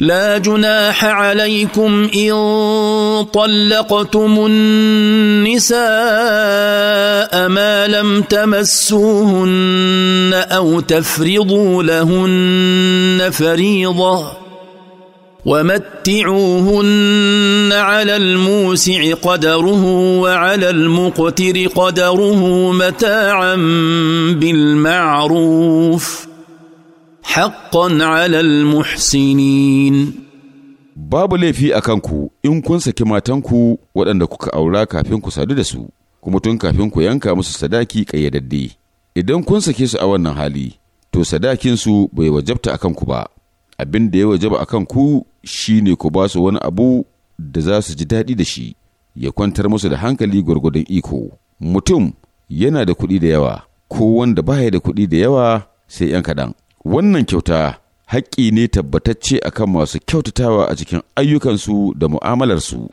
لا جناح عليكم ان طلقتم النساء ما لم تمسوهن او تفرضوا لهن فريضه ومتعوهن على الموسع قدره وعلى المقتر قدره متاعا بالمعروف حقا على المحسنين babu laifi a kanku in kun saki matanku waɗanda kuka aura kafin ku sadu da su kuma tun kafin ku yanka musu sadaki ƙayyadadde idan kun sake su a wannan hali to sadakinsu bai wajabta a kanku ba abin da ya wajaba a kanku shine ku ba su wani abu da za su ji daɗi da shi ya kwantar musu da hankali gwargwadon iko mutum yana da kuɗi da yawa ko wanda baya da kuɗi da yawa sai 'yan kaɗan Wannan kyauta haƙƙi ne tabbatacce akan masu kyautatawa a cikin ayyukansu da mu'amalarsu.